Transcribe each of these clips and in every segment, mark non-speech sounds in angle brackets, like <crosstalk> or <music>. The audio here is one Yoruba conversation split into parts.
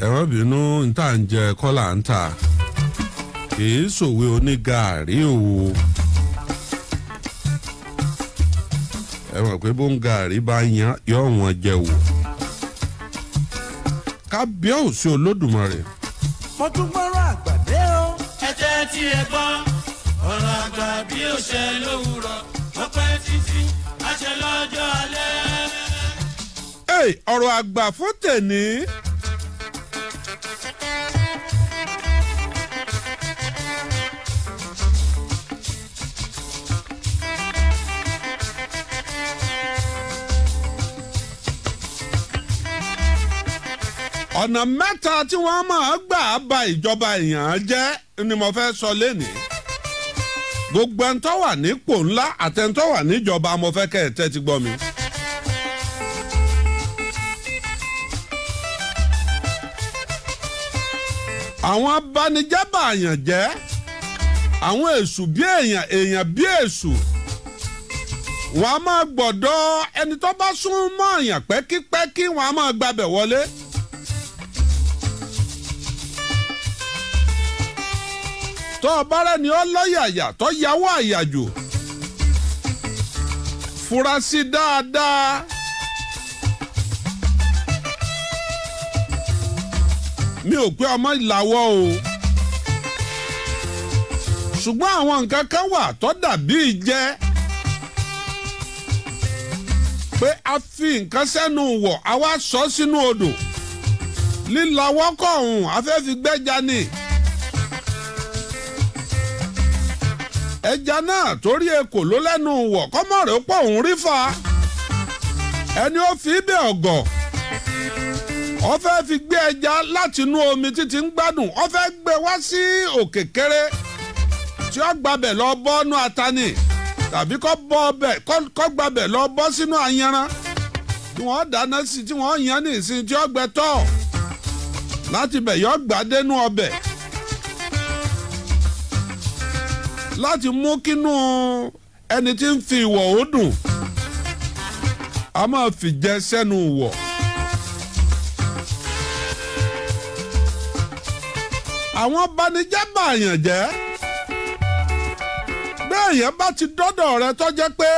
ẹ má bínú ń ń jẹ kọ́là ń tà kì í sòwe onígàárí o ẹ mọ̀ pé bó ń gàárí bá yan yọ̀ jẹ wò kábíọ́ọ̀sì olódùmarè. mo tún gbọ́rọ̀ àgbàdé o. ẹ jẹ́ tí ẹ gbọ́ ọ̀rọ̀ àgbà bí ó ṣe lówùrọ̀ ó pẹ́ títí a ṣe lọ́jọ́ alẹ́. ọ̀rọ̀ àgbà fún tèmi. ọ̀nà mẹ́ta tí wọ́n máa gbà ba ìjọba èèyàn jẹ́ ni mo fẹ́ sọ lénìí gbogbo ẹni tó wà nípò ńlá àtẹni tó wà níjọba mo fẹ́ kẹ́ ẹ̀ tẹ́tí gbọ́ mi. àwọn abanijẹ́ bàyàn jẹ́ àwọn èṣù bí èèyàn èèyàn bí èṣù wọ́n á máa gbọ́dọ̀ ẹni tó bá sún mọ́ èèyàn pẹ́kípẹ́kí wọ́n máa gbabẹ̀ wọlé. tọ́ ọ̀bára ni ó lọ́yàyà tọ́ yàwọ́ àyàjò fura sí dáadáa. mi ò pé ọmọ ìlàwọ́ o ṣùgbọ́n àwọn nǹkan kan wà tó dàbí ìjẹ́ pé a fi nǹkan sẹ́nu wọ̀ a wá sọ sínú odò lílawọ́ kọ̀ọ̀hún afẹ́fígbẹ́ja ni. ẹja náà torí ekò ló lẹ́nu wọ̀ kọ́mọ̀rẹ́ pọ̀ òun rí fa ẹni ó fi ibẹ̀ ọ̀gọ̀ ó fẹ́ fi gbé ẹja látinú omi títí ń gbádùn ó fẹ́ gbé wá sí òkè kéré tí ó gbabẹ̀ lọ bọ́nú atani tàbí kọ́ bọ́ ọbẹ̀ kọ́ gbabẹ̀ lọ bọ́ sínú ayanran tí wọ́n dáná sí tí wọ́n yan ní ìsìn tí ó gbẹ tọ́ láti bẹ̀ yọ gbàdénú ọbẹ̀. láti mú kínú ẹni tí ń fi ìwọ̀ ó dùn a máa fìjẹ sẹ́nu wọ̀. àwọn banijẹ́ bàyàn bẹ́ẹ̀ yẹn bá ti dọ́dọ̀ rẹ tó pé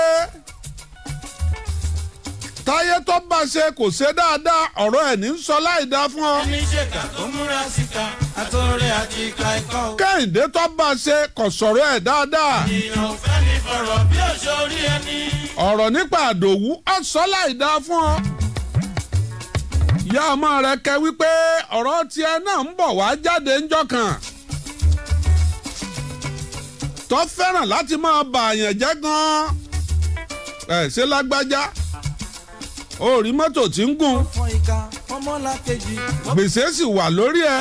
táyé tó bá ṣe kò ṣe dáadáa ọ̀rọ̀ ẹ̀ ní sọ láì dá fún ọ. ẹni ṣèkà tó múra síta àtọ́rẹ́ àti ìka ẹ̀kọ́. kẹ́hìndé tó bá ṣe kò sọ̀rọ̀ ẹ̀ dáadáa. ìyàn fẹ́ ni fọ̀rọ̀ bí òṣò rí ẹni. ọ̀rọ̀ nípa àdòwú ọ̀ sọ láì dá fún ọ. ìyá ọmọ rẹ kẹ wípé ọ̀rọ̀ tiẹ̀ náà ń bọ̀ wá jáde ńjọ́ kan tó fẹ́ràn láti máa bàyàn jẹ́ gan ẹ̀ ṣe lágbájá o rí mọ́tò tí ń gùn gbèsè sì wà lórí ẹ.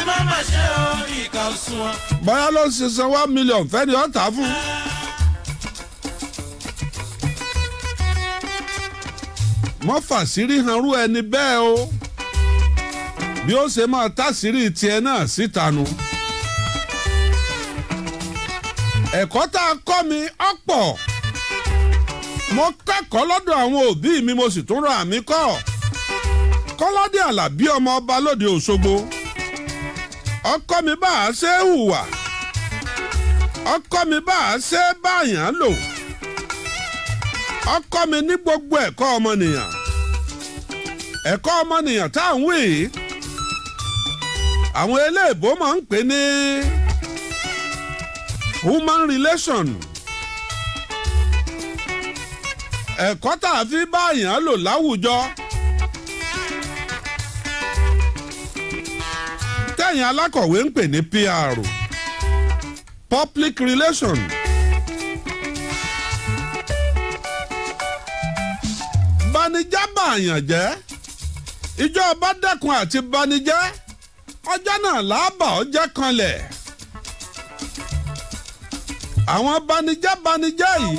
ẹ má má ṣe o ìkà òṣùwọ̀n. báyà ló ń ṣe san one million fẹ́ni ọ̀tá fún. mọ́ fàṣírí hanrú ẹni bẹ́ẹ̀ o bí ó ṣe máa tàṣírí tiẹ̀ náà síta nu. ẹ̀kọ́ tá a kọ́ mi ọ̀pọ̀. mo kẹ́kọ̀ọ́ lọ́dọ̀ àwọn òbí mi mo sì tún ra àmì kọ́ kọ́ládé àlàbí ọmọ ọba lóde òṣogbo ọkọ mi bá a ṣe é hùwà ọkọ mi bá a ṣe é báyàn lò ọkọ mi ní gbogbo ẹ̀kọ́ ọmọnìyàn ẹ̀kọ́ ọmọnìyàn tá à ń awọn àwọn eléèbó máa ń pè ní human relation. ẹ̀kọ́ tá a fi báyàn lò láwùjọ. tẹ̀yìn alákọ̀wé ń pè ní PR public relation. banijẹ́ bàyàn jẹ́ ìjọ bá dẹ́kun àti banijẹ́ ọjọ́ náà làábà ọjẹ́ kanlẹ̀ àwọn banijẹ́ banijẹ́ yìí.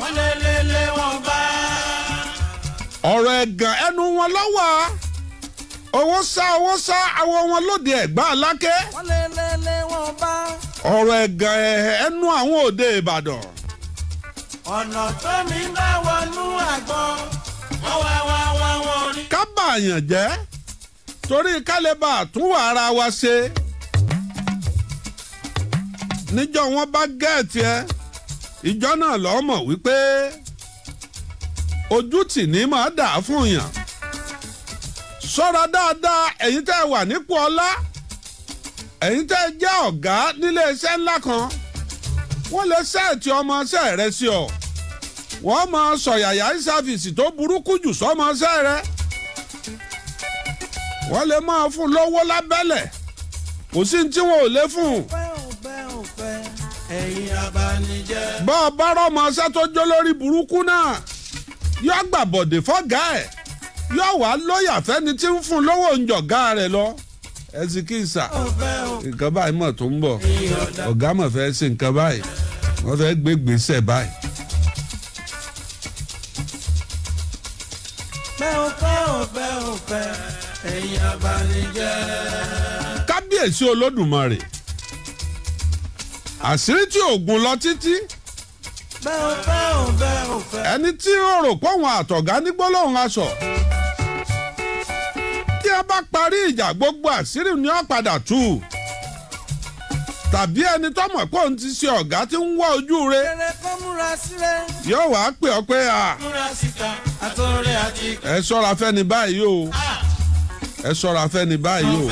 wọ́n wọn bá. ọ̀rọ̀ ẹ̀gàn ẹnu wọn lọ́wọ́ owó sá owó sá awọ wọn lóde ẹ̀gbá aláké. wọn bá. ọ̀rọ̀ ẹ̀gàn ẹnu àwọn òde ìbàdàn. ọ̀nà tó mi bá wọnú wọ́n wá wá wá rí. torí ká lè bá ara wa wọn bá gẹ̀ẹ́tì ìjọ náà lọ́ọ́ mọ̀ wípé ojú tì ní máa dà fún yàn ṣọ́ra dáadáa ẹ̀yin tẹ́ ẹ wà nípò ọlá ẹ̀yin tẹ́ ẹ jẹ́ ọ̀gá nílé iṣẹ́ ńlá kan wọ́n lè ṣẹ́ẹ̀tì ọmọọṣẹ́ rẹ sí ọ wọ́n máa sọ̀yàyà ìsáfìsì tó burúkú jù sọ́mọọṣẹ́ rẹ wọ́n lè máa fún lówó lábẹ́lẹ̀ kò sí ní tí wọn ò lè fún un ẹ̀yin abanijẹ́. bọ́ ọ bọ́rọ̀ ọmọọṣẹ́ tó jó lórí burúkú náà yọ gbàbọ̀dé fọ́gà ẹ̀ yọ wá lóyà fẹ́ni tí ń fún lówó oúnjọ̀gá rẹ̀ lọ ẹsikísà nǹkan báyìí mọ̀ tó ń bọ̀ ọ̀gá mọ̀ fẹ́ ṣe nǹkan báyìí wọ́n fẹ́ gbé gbèsè báyìí. pẹ́ ò pẹ́ ò pẹ́ ò pẹ́ ẹ̀yin abanijẹ́. kábíyèsí olódùmarè. àṣírí tí oògùn lọ títí ẹni tí ó rò pọ̀wọ̀n àtọ̀gá ní gbólóhùn aṣọ tí a bá parí ìjà gbogbo àṣírí ni ó padà tàbí ẹni tó mọ̀ pé òun ti ṣe ọ̀gá tí ń wá ojú rẹ̀ yóò wá pè ọ́ pé a ẹ ṣọ́ra fẹ́ni báyìí o ẹ ṣọ́ra fẹ́ni báyìí o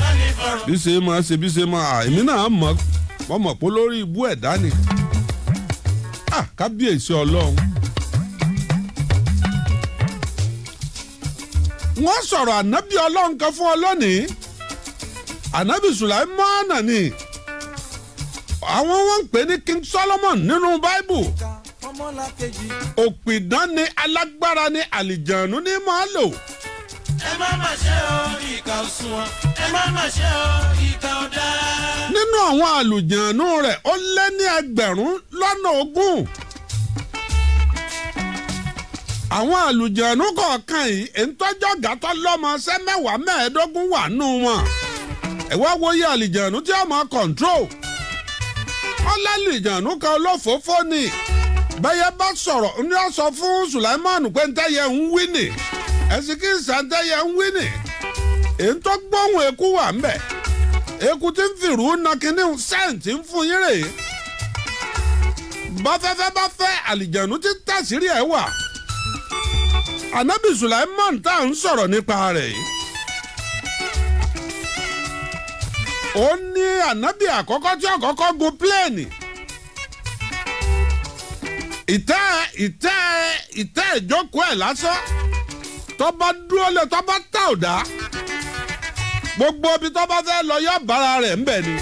bí ṣe ṣe bí ṣe èmi náà mọ̀ ọ́. wọ́n mọ̀ pé lórí ibú ẹ̀dá ni ah, kábíyèsí ọlọ́run. wọ́n sọ̀rọ̀ ànábì ọlọ́run kan fún ọ lónìí ànábì sùláìmọ́nà ni àwọn wọn ń pè ní King Solomon nínú báíbù òpìdán ni alágbára ni àlìjànú ni máa ẹ má má ṣe o ìkà òṣùwọ̀n ẹ má má ṣe o ìkà ọ̀dà. nínú àwọn àlùjànnú rẹ̀ ó lé ní ẹgbẹ̀rún lọ́nà ogún àwọn àlùjànnú kọ̀ọ̀kan yìí èntọ́jọ́ gàtọ́ lọ́mọ ṣẹ́ mẹ́wàá mẹ́ẹ̀ẹ́dógún wà nù wọn ẹ wá wòye àlùjànnú tí ọmọ kọ̀ǹtró ọlálùjànnú kan olófòófó ni bẹ́yẹ bá sọ̀rọ̀ ní ọ̀sọ̀ fún Sùlẹ́mánù pé ń tẹ́yẹ ń wí nì. ẹ̀sìnkì sàǹtẹ̀yẹ ń wí ètò gbóhùn eku wà ń bẹ̀ eku ti ń fìrù na sẹ́ǹtì ń fún yín rèé báfẹ́fẹ́ bá fẹ́ àlìjẹ̀nu ti ẹ̀ wà anabi Sulaiman tá à ń sọ̀rọ̀ nípa rẹ̀ yìí tọ́ba dúró lé tọ́ba tá ò dá gbogbo ibi tọ́ba fẹ́ lọ yọ bàrà rẹ̀ ń bẹ̀ ni.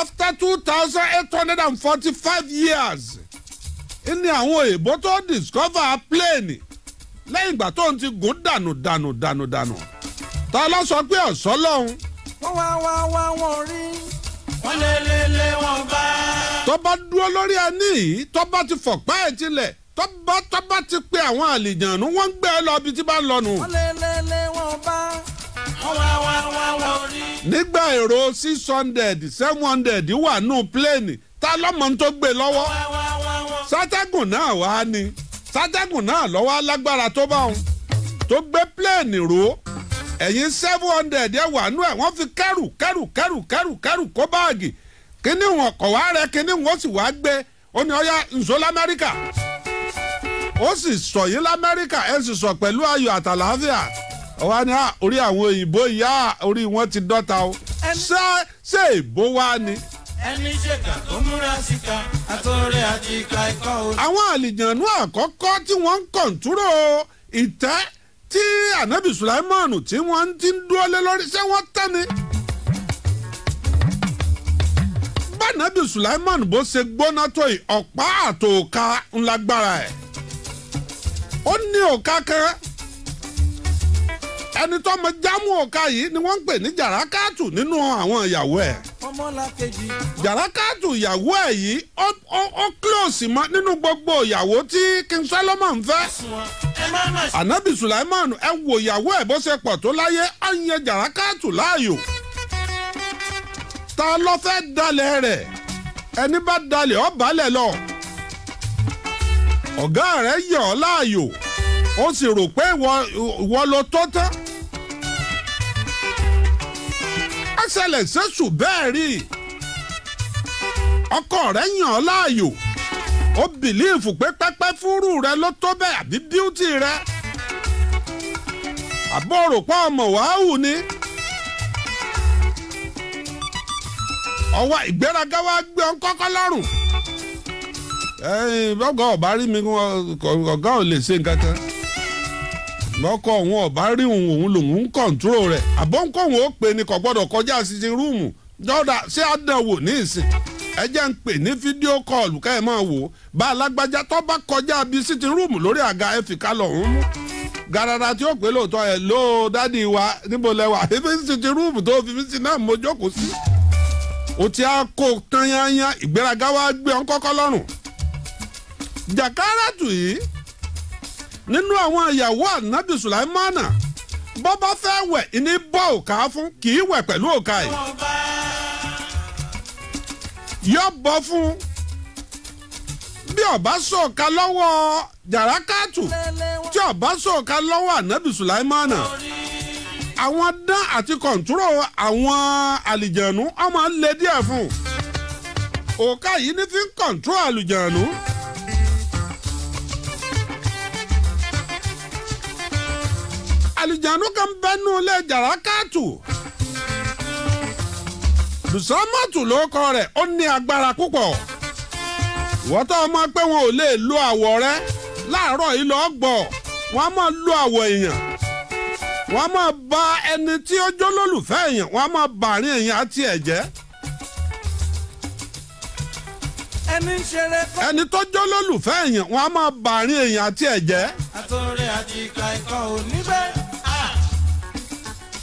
after two thousand eight hundred and forty-five years ní àwọn òyìnbó tó discover plane lẹ́yìn ìgbà tó ń ti gùn dànù dànù dànù dànù ta ló sọ pé ọ̀sọ́ lọ́hún. wọ́n wá wá wá wọn rí. wọ́n lé lé lé wọn bá. tọ́ba dúró lórí ẹni yìí tọ́ba ti fọ̀pá ẹ̀ tilẹ̀ tọ́ba tọ́ba ti pe àwọn àlìjànú wọ́n ń gbé lọ ibi tí bá ń lọ nígbà èrò six hundred seven hundred wà nù pléènì ta lọ́mọ tó gbé lọ́wọ́ sátẹ́gùn náà wá ni sátẹ́gùn náà lọ́wọ́ alágbára tó bá wọn tó gbé pléènì ró ẹ̀yìn seven hundred ẹ̀ wà nù ẹ̀ wọ́n fi kẹ́rù kẹ́rù kẹ́rù kẹ́rù kẹ́rù kó báàgì kíní wọn kọ̀ wá rẹ kíní wọn sì wá gbé ó ní ọ̀yá nzó lamẹ́ríkà ó sì sọ yín lamẹ́ríkà ẹ̀ sì sọ pẹ̀lú ayọ̀ àtàlàáfíà wá ní orí àwọn òyìnbó ìyá orí wọn ti dọ́ta o ṣé ṣé ìbò wá ni. ẹni ṣèkà tó múra síta àtọ̀rẹ́ àti ìka ẹ̀kọ́ o. àwọn àlìjànú àkọ́kọ́ tí wọ́n ń kọ̀ǹtúrò ìtẹ́ tí ànábì sùláìmọ́ọ̀nù tí wọ́n ti ń dúró lé lórí ṣé wọ́n tẹ́ ni. bá ànábì sùláìmọ́ọ̀nù bó ṣe gbóná tó yìí ọ̀pá àtòkà ńlágbára ẹ̀ ó ní òka kan ẹni tó mọ jámù òka yìí ni wọ́n ń pè ní jàrákàtù nínú àwọn ìyàwó ẹ̀ jàrákàtù ìyàwó ẹ̀ yìí ó close mọ́ nínú gbogbo ìyàwó tí King Solomon fẹ́ anabi Sulaiman ẹ wo ìyàwó ẹ̀ bó ṣe pọ̀ tó láyé ó yan jàrákàtù láàyò ta ló fẹ́ dalẹ̀ rẹ̀ ẹni bá dalẹ̀ ó balẹ̀ lọ. ọ̀gá rẹ̀ yàn ọ́ láàyò ó sì rò pé ìwọ lọ tó tán. ẹsẹ̀lẹ̀ sẹ́sù bẹ́ẹ̀ rí ọkọ rẹ̀ yàn ọ́ láàyò ó bìlíìfù pé pẹ́pẹ́ fúrú rẹ ló tó bẹ́ẹ̀ àbí bíútì rẹ àbọ̀ròpọ̀ ọmọ wàhálù ni. ọwọ́ ìgbéraga wa gbé ọ kọ́kọ́ lọ́rùn. bọ́gà ọ̀bá rí mi ọ̀gá ò lè ṣe nǹkan kan lọ́kọ̀ òun ọ̀bá rí òun lòun ń kọ̀ǹtúrò rẹ̀ àbọ̀ǹkọ̀ òun ó pè ní kò gbọ́dọ̀ kọjá sísin rúùmù dọ́dà ṣé àdánwò ní ìsìn ẹ jẹ́ ń pè ní fídíò kọ́ọ̀lù ká ẹ máa wò ó bá alágbájá tó garara tí ó lóòótọ́ ló dádì wa níbo sítin <laughs> rúùmù tó fi mí sí náà mo jókòó sí. o ti á kó tán wa gbé ọ kọ́kọ́ Jakaratu yìí nínú àwọn ìyàwó ànábì Sùláìmánà bó bá fẹ́ wẹ̀ ní bọ́ òkà fún kì í wẹ̀ pẹ̀lú òkà yìí yọ bọ́ fún bí ọba sọ̀ka lọ́wọ́ Jarakatu tí ọba sọ̀ka lọ́wọ́ ànábì Sùláìmánà àwọn dán àti kọ̀ǹtúrò àwọn àlìjẹ̀nu ọmọ ń le díẹ̀ fún òkà yìí ní fi ń kọ̀ǹtúrò àlìjẹ̀nu. àlìjánu kan bẹ́ nù lé jàrákàtù lùsọ́mọ́tù ló rẹ̀ ó ní agbára púpọ̀ Wọ́n tọ́ mọ̀ pé wọn ò lè lo àwọ̀ rẹ láàárọ̀ yìí lọ́ọ́ gbọ̀ wọ́n máa lo àwọ̀ èèyàn wọ́n ba ẹni tí ó jó lólùfẹ́ èèyàn wọ́n bàárín èèyàn àti ẹ̀jẹ̀. ẹni tó jó lólùfẹ́ èèyàn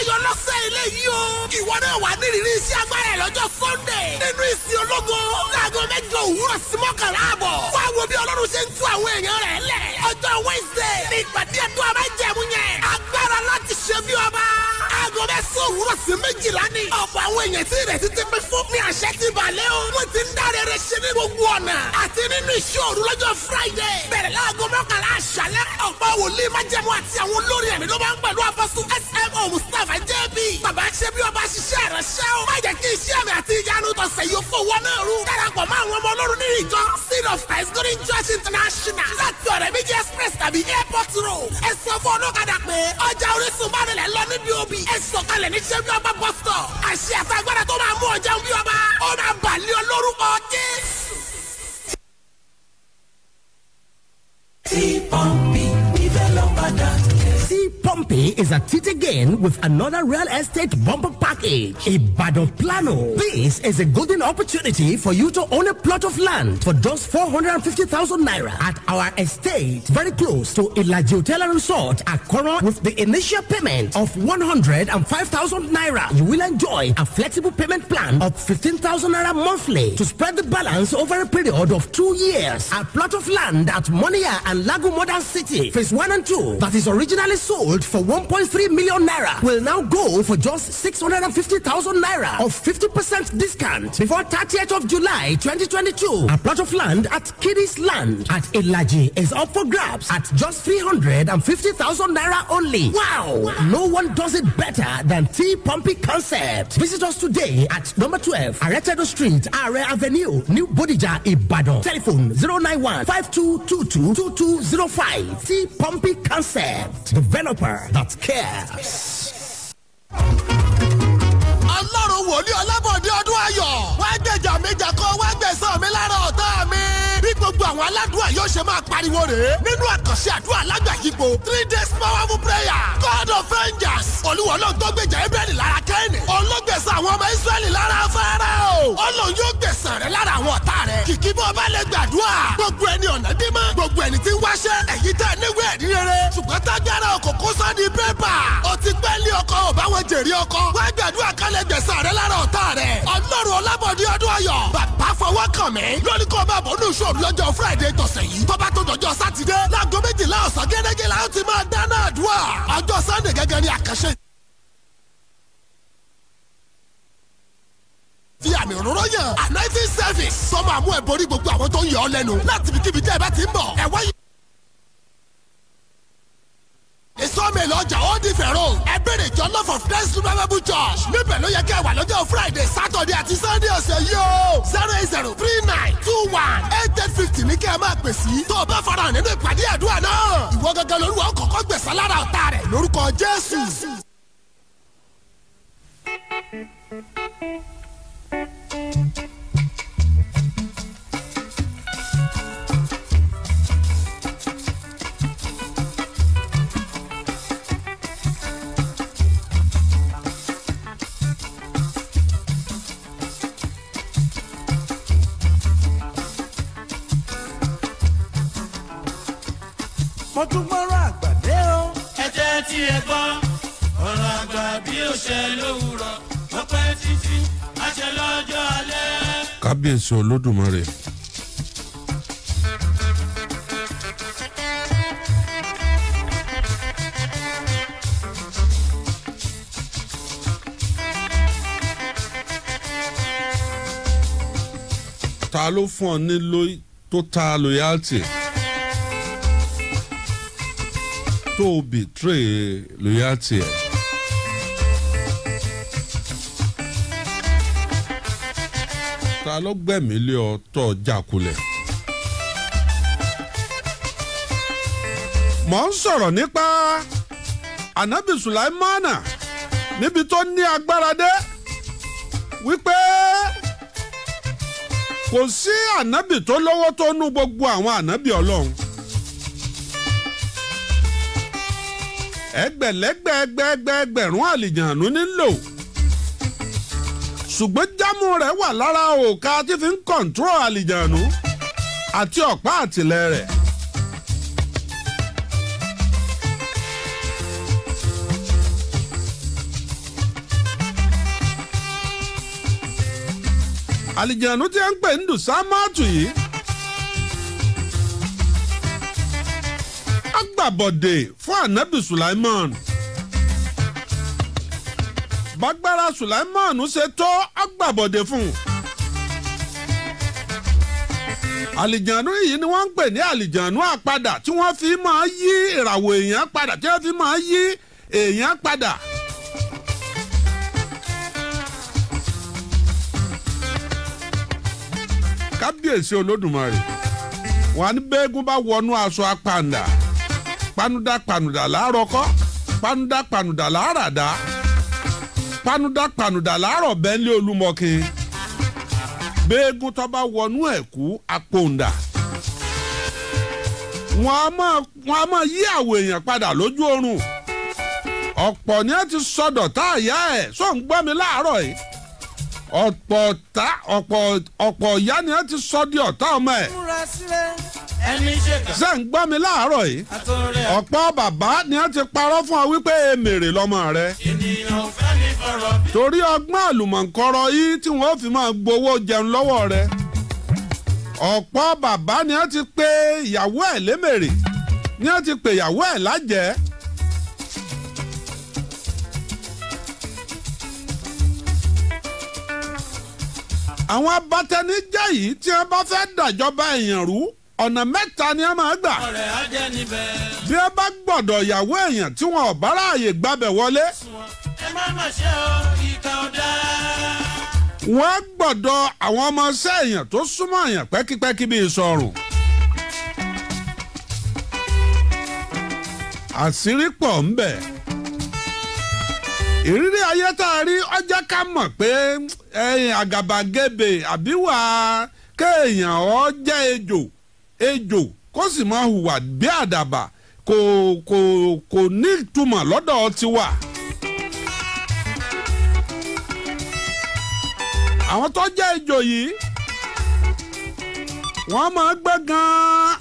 ayọ̀ lọ́sẹ̀ ilé yìí o. ìwọ náà wà nírìírí iṣẹ́ agbára ẹ̀ lọ́jọ́ sunday. nínú ìsìn ológo láago mẹ́jọ òwúrọ̀ sí mọ́kànlá àbọ̀. wá wo bí ọlọ́run ṣe ń tú àwọn èèyàn rẹ̀ lẹ̀. ọjọ́ wednesday ní ìpàdé ẹ̀tọ́ abájẹ́mu yẹn. agbára láti ṣe bí ọba mẹ́sàn-án òwúrọ̀ sí méjìlá ni. ọ̀pọ̀ àwọn èèyàn tí ìrètí ti pín fún mi àṣẹ ti balẹ̀ o. wọ́n ti ń dá rere ṣe ní gbogbo ọ̀nà. àti nínú iṣẹ́ òru lọ́jọ́ friday. bẹ̀rẹ̀ láago mọ́kànlá àṣálẹ́. ọ̀pọ̀ wòlíì májẹ̀mú àti àwọn olórí ẹ̀mí ló máa ń pẹ̀lú apọ́sù smo mustapha jb. bàbá ṣe bí ọba ṣiṣẹ́ rẹ̀ ṣẹ́ o. má jẹ́ kí iṣẹ́ àmì àti ìyanu tọ̀sẹ̀ yóò fowó náà rú. darapọ̀ mọ́ àwọn ọmọ ọlọ́run ní ìjọ seed of christ golden church international. láti ọ̀rẹ́ méjì express tàbí airport road. ẹ sọ fún ọlọ́kadà pé ọjà orísun bá nílẹ̀ lọ níbi òbí. ẹ sọ kalẹ̀ ní sẹ́gun ọba bus àṣì àtàgbára tó máa mú ọjà ń ọba ó máa bàlẹ́ ọ lórúkọ jésù. tí pọ́ǹpì. is a it again with another real estate bumper package. a bado Plano. This is a golden opportunity for you to own a plot of land for just 450,000 naira at our estate, very close to Ilaji Hotel and Resort, Akoro, with the initial payment of 105,000 naira. You will enjoy a flexible payment plan of 15,000 naira monthly to spread the balance over a period of two years. A plot of land at Monia and Lago Modern City, Phase 1 and 2, that is originally sold for for 1.3 million naira will now go for just 650,000 naira of 50% discount before 30th of July 2022. A plot of land at Kiddies Land at Ilaji is up for grabs at just 350,000 naira only. Wow. wow! No one does it better than T Pumpy Concept. Visit us today at number 12 Aretedo Street, Are Avenue, New Bodija, Ibadan. Telephone 091 5222 T Pumpy Concept. Developer That cares. ọlọ́run wòlíì ọlábọ̀dé ọdún ayọ̀ wá gbèjà mi jà kó wá gbèsàn mi lára ọ̀tá mi bí gbogbo àwọn aládùúgbò yóò ṣe máa pariwo rèé nínú àkànṣe àdúrà alágbàyípo three days powerful prayer god of vengeance olúwa ọlọ́run tó gbèjà Ébẹ́rì lára Édẹ́nì olóògbèsè àwọn ọmọ Ísírẹ́lì lára Fáráò o. lòun yóò gbèsè rẹ lára àwọn ọ̀tá rẹ kìkì bó bá lè gbàdúrà gbogbo ẹni ọ̀nà dímọ̀ gbogbo ẹni tí ń wáṣẹ́ èyí tẹ́ níwé ẹ̀rí rere ṣùgbọ́n tágbára ọkọ̀ kó sọ di pépà ó ti pẹ́ lé ọkọ ò bá wọn jèrè ọkọ wá gbàdúrà kálẹ̀ gbèsè rẹ lára ọ̀tá rẹ Ọlọ́run Ọlábọ̀dé ọdún Ọ̀yọ́ bàbá fọwọ́ kàn mí lórí kó máa bọ̀ nínú ìṣòro lọ́jọ́ Friday tọ̀sẹ̀ yìí tó bá tó dọ̀jọ́ sátidé láago méjìlá ọ̀sán gẹ́gẹ́ la ó gẹ́gẹ́ ni àkànṣe. fi àmì òróró yàn anointing service sọmọ àmú ẹ̀ borí gbogbo àwọn tó ń yọ ọ́ lẹ́nu láti ibikíbi tẹ́ ẹ bá ti ń bọ̀ ẹ̀ wáyé ìsọ́mẹ̀lì ọjà ó di fẹ̀rọ. ẹ bèrè ìjọ love of christ revival church níbẹ̀ ló yẹ kí ẹ wà lọ́jọ́ friday saturday àti sunday ọ̀sẹ̀ yìí o. zero eight zero three nine two one eight eight fifty ní kí ẹ máa pè sí. tó o bá fara hàn nínú ìpàdé àdúrà náà. ìwọ gángan lolúwa ó kọ́kọ́ gbẹ̀san lára ọ̀tá rẹ̀ lórúkọ jésù mo tún gbọ́rọ̀ àgbàdé o. ẹ jẹ́ tí ẹ gbọ́ ọ̀rọ̀ kábíyèsí olódùmarè. ta ló fún ọ ní lóyún tó ta loyalty tó o betray loyalty ẹ. ta ló gbẹ̀mí lé jákulẹ̀. mọ̀ ń sọ̀rọ̀ nípa anabi sulaimana níbi tó ní agbára dé wípé kò sí ànábì tó lọ́wọ́ tó nú gbogbo àwọn ànábì ọlọ́run. ẹgbẹ̀lẹ́gbẹ̀ ẹgbẹ̀ẹ́gbẹ̀rún àlìjànú nílò. ṣùgbọ́n jámù rẹ̀ wà lára òòka tí fi ń kọ̀ǹtúrọ̀ àlìjànú àti ọ̀pá re. rẹ̀. àlìjànú tí ń pè ń dùn sámátù yìí. agbàbọ̀dè fún bágbára Sulaiman ṣe tó agbàbọ̀dé fún un. àlìjànú yìí ni wọ́n ń pè ní àlìjànú àpadà tí wọ́n fi máa yí ìràwọ̀ èèyàn padà tí wọ́n fi máa yí èèyàn padà. kábíyèsí olódùmarè wọn á ní bẹ́ẹ̀gùn bá wọnú aṣọ apàǹdà panudà panudà láàárọ̀ kọ́ panudà panudà láàràdà panuda panuda láàárọ̀ bẹ́ńlẹ̀ olúmọkin gbẹ́gun tó bá wọnú ẹ̀kú apòǹdà wọn a máa wọn a máa yí àwọ̀ èèyàn padà lójú oorun ọ̀pọ̀ ni a ti sọdọ̀ tá a yá ẹ̀ sóun gbọ́ mi láàárọ̀ yìí ọ̀pọ̀ ta, ọ̀pọ̀ ọ̀pọ̀ ìyá ni wọ́n ti sọ di ọ̀tá ọmọ ẹ̀. ṣé ń gbọ́ mi láàárọ̀ yìí ọ̀pọ̀ bàbá ni wọ́n ti parọ́ fún ọ wípé èmèrè lọ́mọ rẹ. torí ọgbọ́n àlùmọ̀ǹkọ́rọ̀ yìí tí wọ́n fi máa gbowó jẹun lọ́wọ́ rẹ. ọ̀pọ̀ bàbá ni wọ́n ti pè ìyàwó ẹ̀ lémèrè ni wọ́n ti pè ìyàwó ẹ̀ lájẹ́ àwọn abatẹnijẹ́ yìí tí wọ́n bá fẹ́ dàjọba èèyàn rú ọ̀nà mẹ́ta ni a máa gbà. ọ̀rẹ́ ajẹ́ níbẹ̀. bí ẹ bá gbọ́dọ̀ ìyàwó èèyàn tí wọn ò bá ráàyè gbabẹ̀ wọlé. ẹ má mà ṣe o ìka ọ̀dà. wọ́n gbọ́dọ̀ àwọn ọmọọṣẹ́ èèyàn tó súnmọ́ èèyàn pẹ́kípẹ́kí bíi sọ̀rùn. àṣírí pọ̀ ń bẹ. ìrírí ayé tá a rí ó jẹ́ ká mọ̀ pé àgàbàgebè àbíwá kéèyàn ọ jẹ́ ejò ejò kó sì máa hùwà bí àdàbà kò kò kò ní ìtumọ̀ lọ́dọ̀ tiwa. àwọn tó jẹ́ ejò yìí wọ́n máa gbẹ́ gan-an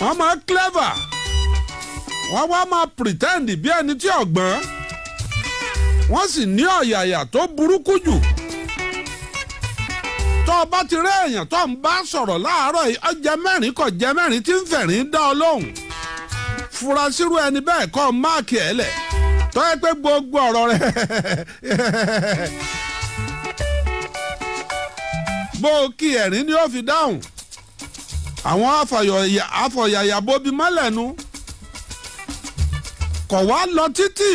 wọ́n máa clever. wọ́n wá máa pretend bí ẹni tí ọ̀gbọ́n wọ́n sì ní ọ̀yàyà tó burúkú jù tó o bá ti rí èèyàn tó ń bá sọ̀rọ̀ láàárọ̀ yìí ó jẹ mẹ́rin kò jẹ mẹ́rin tí ń fẹ̀rín dá ọ lóhùn fura sírú ẹni bẹ́ẹ̀ kọ́ máàkì ẹ̀ lẹ̀ tó yẹ pé gbogbo ọ̀rọ̀ rẹ̀ <laughs> bó o kí ẹ̀rín ni ó fi dáhùn àwọn afọ̀yàyà bóbi mọ́lẹ̀ nu kọ̀ wá lọ títì.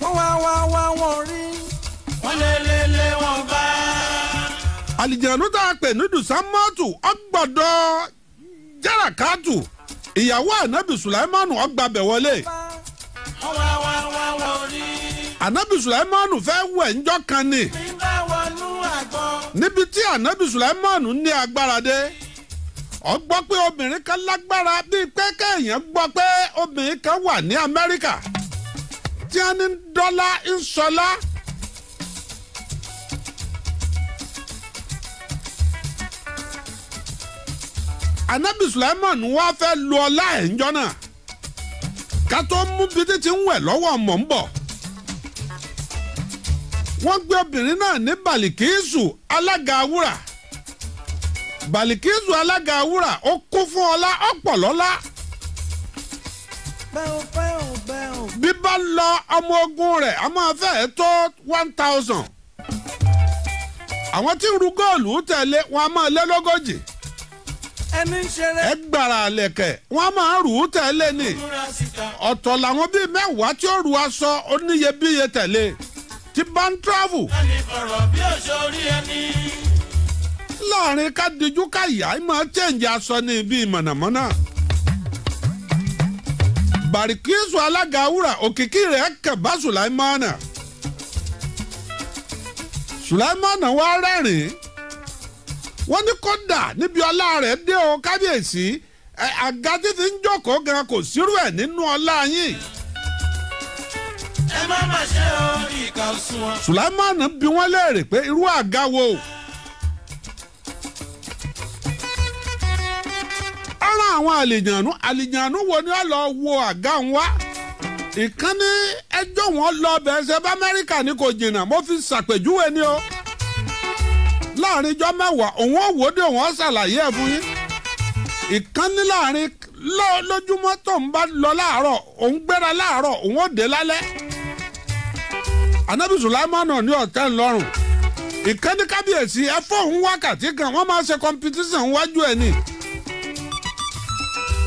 wọ́n wá wá wá wọ́n rí. wọ́n lé lé lé wọn bá. àlìjẹ̀nu tá a pè ní dùsámọ́tù ọgbọ̀dọ̀ járakátù ìyàwó ànábì sùlẹ́mánù ọgbàbẹ̀ wọlé. wọ́n wá wá wá wọ́n rí. ànábì sùlẹ́mánù fẹ́ wẹ̀ ńjọ́ kan ni. níbi tí ànábì sùlẹ́mánù ní agbára dé. ọ gbọ́ pé obìnrin kan lágbára bíi pé kéèyàn gbọ́ pé obìnrin kan wà ní Amẹ́ríkà tí wọ́n ní dọ́là Anabi Suleiman wá fẹ́ lu ọlá ẹ̀ ń jọ́nà ká tó mú bíi ti ń wẹ̀ lọ́wọ́ mọ̀ ń bọ̀ wọ́n gbé obìnrin náà ní Balikisu alága wúrà. Balikisu alága wúrà ó kún fún ọlá ọ̀pọ̀ lọ́lá. bí bá lọ ọmọ ogun rẹ̀ a máa fẹ́ tó one thousand. àwọn tí ń ru góòlù tẹ̀lé wọn a máa lé lógójì. ẹ gbàrà àlẹ̀kẹ̀ wọn a máa rù ú tẹ̀lé ni. ọ̀tọ̀ làwọn bíi mẹ́wàá tí ó ru aṣọ oníyebíye tẹ̀lé ti bá ń travel. ẹnì kọ̀rọ̀ bí òṣèré ẹni. láàrin ká dijú ká yá ẹ máa chẹ́ǹjì aṣọ ní ibi mọ̀nàmọ́ná. bàríkìsù alága wúrà òkìkí rẹ̀ kàn bá sùláìmánà. sùláìmánà wá rẹ́rìn-ín wọ́n ní kódà níbi ọlá rẹ̀ dé o kábíyèsí àga títí ń jókòó gan kò sírú ẹ̀ nínú ọlá yín ẹ má má ṣe o wọn. bi wọ́n léèrè pé irú àga wo lára àwọn àlìjànú àlìjànú wo ni ọ lọ wo àga ń wá ìkànnì ẹjọ́ wọn lọ bẹ̀ẹ́ ṣe bá amẹ́ríkà ní kò jìnnà mo fi ṣàpèjúwe ni o láàrin ijọ́ mẹ́wàá òun òwòde òun ọ̀ṣàlàyé ẹ̀ fún yín ìkànnì láàrin lójúmọ́ tó ń bá lọ láàárọ̀ òun gbéra láàárọ̀ òun ò dé lálẹ́ ní ọ̀tẹ́ ńlọrùn ìkànnì kábíyèsí ẹ fóun wákàtí kan wọ́n máa ṣe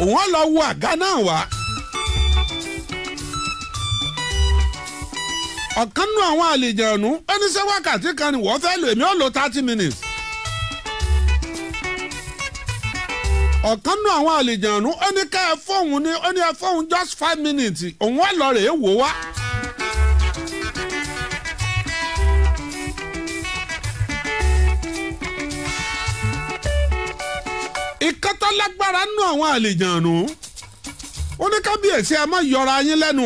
wọ́n lọ wo àga náà wá. ọ̀kan nú àwọn àlejànú ó ní ṣé wákàtí kan ni wọ́n fẹ́ lò èmi ó lò thirty minutes. ọ̀kan nú àwọn àlejànú ó ní ká ẹ fóun ní ó ní fóun just five minutes òun ó lọ rèé wò wá. ikọ́ tó lágbára nù àwọn àlejànù ó ní kábíyèsí ẹ má yọra yín lẹ́nu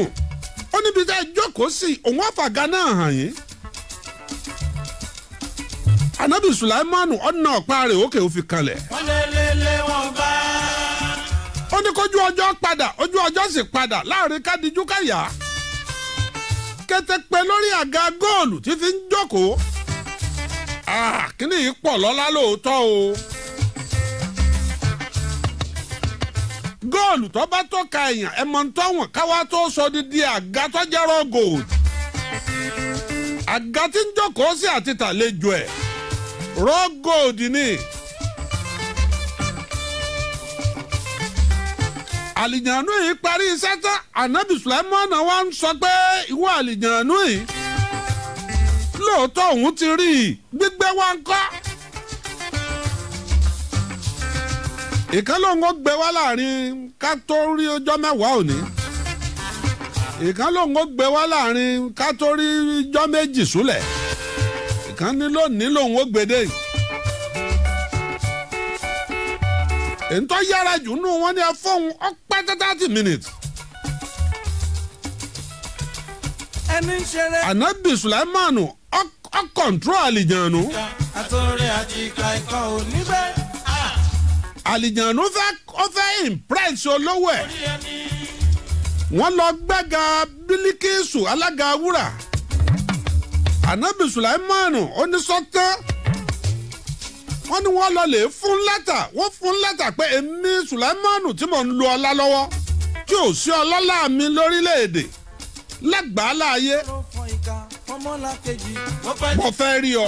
ó níbi tẹ́ ẹ jókòó sí òun àfàgà náà hàn yín. anabi sulaimanu ọ̀nà ọ̀pá rẹ̀ òkè òfin kalẹ̀. wọ́n lé lé lé wọn bá. ó ní kójú ọjọ́ padà ojú ọjọ́ sì padà láàrin kádìjú káyà kẹtẹpẹ lórí àga góòlù tí fi ń jókòó. Ah, kíní yìí pọ̀ lóòótọ́ o. Ah, góòlù tó bá tó ka èèyàn ẹ mọ̀ ń tọ́ káwá tó sọ dídí àga tó jẹ́rọ gold àga tí ń jókòó sí àti tàlejò ẹ̀ raw gold ni. àlìjànú yìí parí iṣẹ́ tán ànábì Sulaiman wa ń sọ pé ìwọ àlìjànú yìí lóòótọ́ òun ti rí i gbígbé wa kọ́. ìkan lòun ó gbé wá láàrin ká tó rí ọjọ́ mẹ́wàá òní ìkan lòun ó gbé wá láàrin ká tó rí ọjọ́ méjì súlẹ̀ ìkan ní lónìí lòun ó gbèdé. èyí tó yára jù nù wọn ni ẹ fóun ọpẹ́ thirty minutes. ẹni ń ṣeré. ànábì sùlẹ́mánù ọkọ̀ntró àlìjànù. àtúnrẹ́ àti ìka ẹ̀kọ́ ò bẹ́ẹ̀ àlìjànú ó fẹ́ impress olówó ẹ̀ wọ́n lọ gbẹ́ga bílíkìsù alága wúrà ànábì sùláìmánù onísọ́tán wọ́n ní wọ́n lọ lè fún lẹ́tà wọ́n fún lẹ́tà pé èmi sùláìmánù tí mò ń lo ọlá lọ́wọ́ tí ò sí ọlọ́lá mi lórílẹ̀‐èdè lẹ́gbàá láàyè mo fẹ́ rí ọ.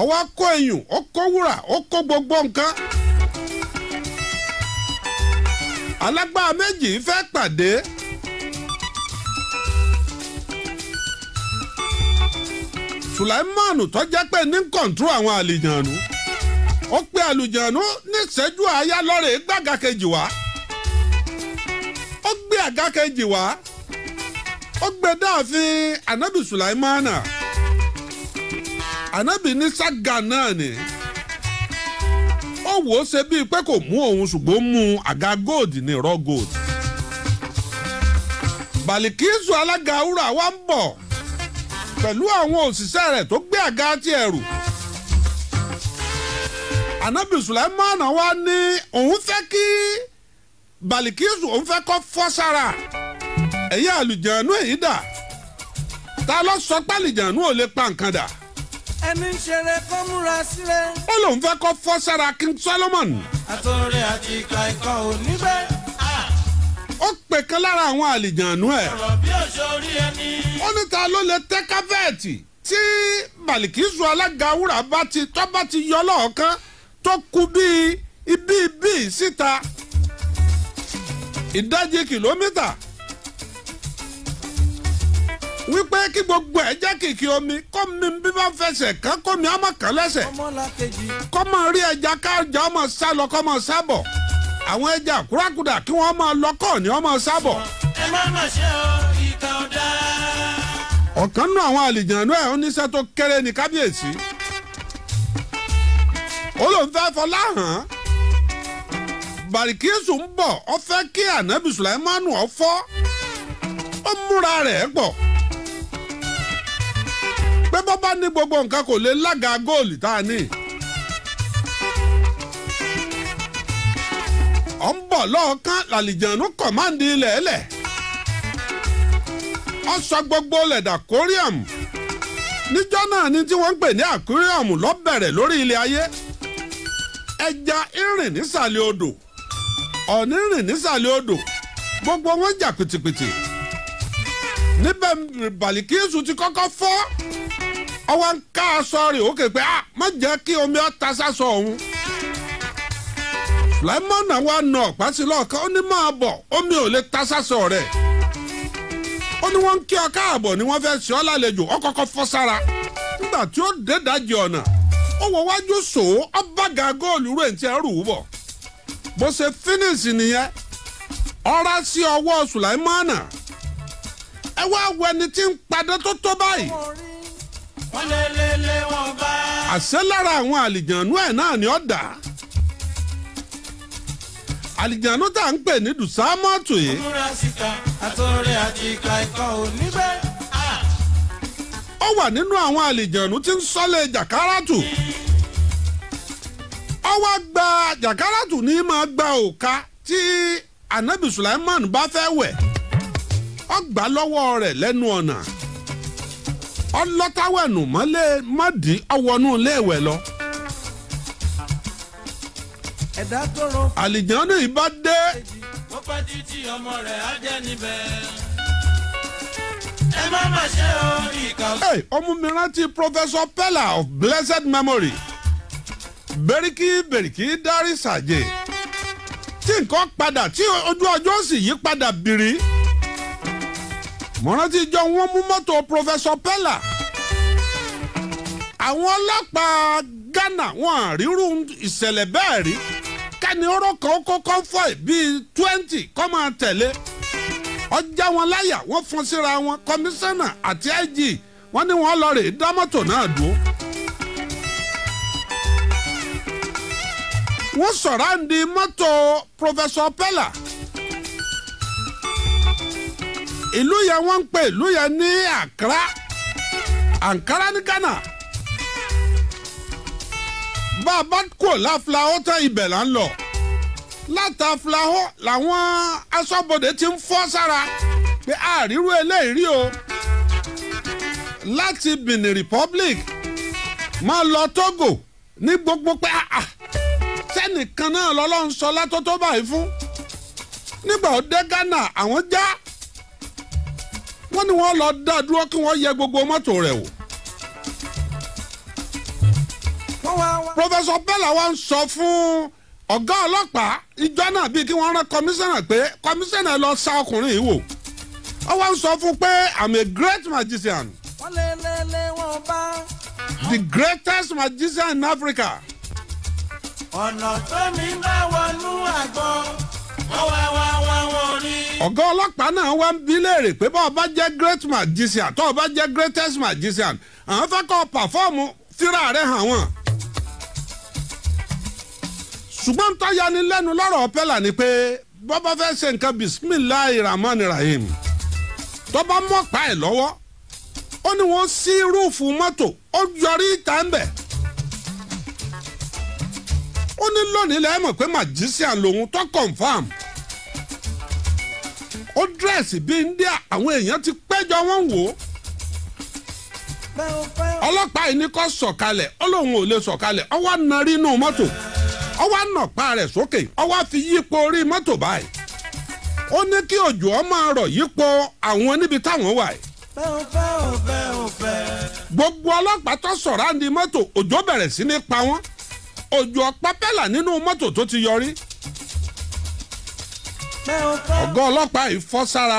ọwọ́ kó eyín ó kó wúrà ó gbogbo nǹkan. alágbára méjì fẹ́ pàdé. Sùlẹ́mánù tó jẹ́ pé ní kọ̀ǹtú àwọn àlìjànú ó pe àlùjànú níṣẹ́jú àáyá lọ́rẹ̀ gbàgà kejì wá ó gbé àgà kejì wá ó gbé dáàfin anabi sulaimanu. ànábì ní ṣága náà ni ó wò ó ṣe bíi pé kò mú òun ṣùgbọ́n mú àga gold ní raw gold bàlìkísù alága wúrà wa ń bọ̀ pẹ̀lú àwọn òṣìṣẹ́ rẹ̀ tó gbé àga tí ẹrù ànábì Sulaiman wa ní òun fẹ́ kí bàlìkísù òun fẹ́ kọ́ fọ́ sára ẹ̀yà àlùjànnú èyí dà ta ló sọ pálíjànú ò lè pa nǹkan dà ẹni ṣeré kó múra sílẹ̀. ó lóun fẹ́ kó fọ́ sára King Solomon. àtọ̀rẹ́ àti ìka ikọ̀ ò ní bẹ́ẹ̀. ó pè kan lára àwọn àlìjànú ẹ̀. ọ̀rọ̀ bí òṣòrí ẹni. ó ní ta ló lè tẹ́ káfẹ́ẹ̀tì tí Balikisu alága wúrà bá ti tọ́ bá ti yọ lọ́ọ̀kan tó kú bíi ibi bíi síta ìdajì kìlómítà wípé kí gbogbo ẹ jẹ́ omi kó mi bí bá fẹsẹ̀ ọmọ kan lẹ́sẹ̀ kó mọ rí ẹja káàjà ọmọ sá kó mọ sá àwọn ẹja kúrákúdà kí wọ́n mọ lọ́kọ̀ ní ọmọ ẹ má o ọ̀dà. ọ̀kan nú àwọn àlìjànú ẹ̀ oníṣẹ́ tó kéré ní kábíyèsí ó lóun fẹ́ fọlá hàn án ń bọ̀ ọ fẹ́ kí ànábì sùlẹ́mánù fọ́ ó múra rẹ̀ pọ̀. pé bọ́ bá ní gbogbo nǹkan kò lè lága góòlù tá a ní. ọ̀ ń bọ̀ làlìjànú kọ̀máǹdì ilẹ̀ ọ sọ gbogbo lẹ̀dà kórìàmù níjọ́ náà ni tí wọ́n ń pè ní lórí ẹja irin nísàlẹ̀ odò ọ̀ní rìn gbogbo wọn jà pìtìpìtì níbẹ̀ ti kọ́kọ́ fọ́. ọwọ́ nke a aṣọ rẹ̀ ó képe a ah, má jẹ́ kí omi ọ̀tá sásọ ọ̀hún. Sulaimon àwa wa ọ̀pá sí lọ́ọ̀kan ó ní máa bọ̀ omi ò lè ta sásọ rẹ̀. ó ní wọ́n ń ni wọn fẹ ṣe ọ́ lálejò ó kọ́kọ́ fọ́ sára. nígbà tí ó dé dájì ọ̀nà ó wọ wájú sòó ó bàgà góòlù rẹ̀ ti ẹrù wù bọ̀. bó ṣe fínísì nìyẹn ọ̀rá sí ọwọ́ Sulaimon ẹ wá wẹni tí ń padà tó tó báyìí. wọ́n lè àṣẹ lára àwọn àlìjànú ẹ̀ náà ni ó dà àlìjànú tá à ń pè ní dùsámọ́tò yìí. ọmúra síta àtọ̀rẹ́ àti ìka ẹ̀kọ́ ò níbẹ̀. ó wà nínú àwọn àlìjànú tí ń sọ́lé jàkáràtù ó wá gba jàkáràtù ní máa gba òka tí anabi Sulaiman bá fẹ́ wẹ̀ ó gbà lọ́wọ́ rẹ̀ lẹ́nu ọ̀nà. ọlọ́tàwẹ̀nù mọ́lé mọ́dì ọwọ́nú léèwẹ̀ lọ. àlìjánu ìbá dé. ó pẹ́ títí ọmọ rẹ̀ á jẹ́ níbẹ̀. ẹ má má ṣe orí ìkà. ọmọ mi rántí Professor Pella of blessed memory bẹ̀ríkì bẹ̀ríkì dárí sàjẹ́ tí nǹkan padà tí ojú ọjọ́ sì yí padà bìrì mọ̀rántí jọ wọ́n mú mọ́tò Professor Pella àwọn ọlọ́pàá Ghana wọn àrírú ìṣẹ̀lẹ̀ bẹ́ẹ̀ rí kẹ́ni orúkọ ó kó convoy bíi twenty kọ́ máa tẹ̀lé ọjà wọn láyà wọ́n fọn síra wọn kọmíṣánná àti IG wọ́n ní wọ́n lọ rè é dá mọ́tò náà dúró. wọ́n sọ̀rọ̀ àǹdí mọ́tò Professor Pella ìlú yẹn wọ́n ń pè ìlú yẹn ní Accra Ankara ní Ghana bá a bá kò láfúláwọ́ tán ibẹ̀ là ń lọ látàfúláwọ́ làwọn aṣọ́bodè ti ń fọ́ sára pé àrírú eléyìí rí o láti Benin Republic máa lọ Togo ní gbogbo pé àà ah, sẹ́nìkan ah, náà lọ́lọ́run sọ látọ́tọ́ báyìí fún nígbà ó dé Ghana àwọn já. Ja wọ́n ní wọ́n lọ dá dúró kí wọ́n yẹ gbogbo mọ́tò rẹ̀ wò. Professor Bella wa ń sọ fún ọ̀gá ọlọ́pàá ìjọ náà bíi kí wọ́n rán kọmíṣánná pé kọmíṣánná lọ sa ọkùnrin yìí wò ó wá ń sọ fún pé I'm a great magician the greatest magician in Africa. ọ̀nà tó mi bá wọnú àgbọn. ọ̀gá ọlọ́pàá náà wá ń bi léèrè pé bá ọba jẹ́ great magician tó ọba jẹ́ greatest magician àwọn fẹ́ kọ́ pàfọ́ọ̀mù tíra rẹ̀ hàn wọ́n. ṣùgbọ́n tó yanilẹ́nu lọ́rọ̀ ọ̀pẹ́là ni pé bọ́bá fẹ́ ṣe nǹkan bisimilahi rahman rahim tó bá mọ̀pá ẹ̀ lọ́wọ́ ó ní wọ́n sí rúùfù mọ́tò ó yọrí ìta ń bẹ̀. ó ní lónìí lẹ́ẹ̀ mọ̀ pé magician lòun tó confam ó dírẹ́sì bíi india àwọn èèyàn ti péjọ wọn wò ó ọlọ́pàá yìí ní kó sọ̀kalẹ̀ ó ò lè sọ̀kalẹ̀ ó wá inú mọ́tò ó nàpá rẹ̀ sókè fi yípo orí mọ́tò báyìí ó ní kí òjò rọ̀ yípo àwọn níbi táwọn wà yìí gbogbo ọlọ́pàá tó sọ̀rọ̀ àǹdí mọ́tò òjò bẹ̀rẹ̀ sí ní pa òjò ọ̀pápẹ́là nínú mọ́tò tó ti yọrí ọ̀gá ọlọ́pàá yìí fọ́ sára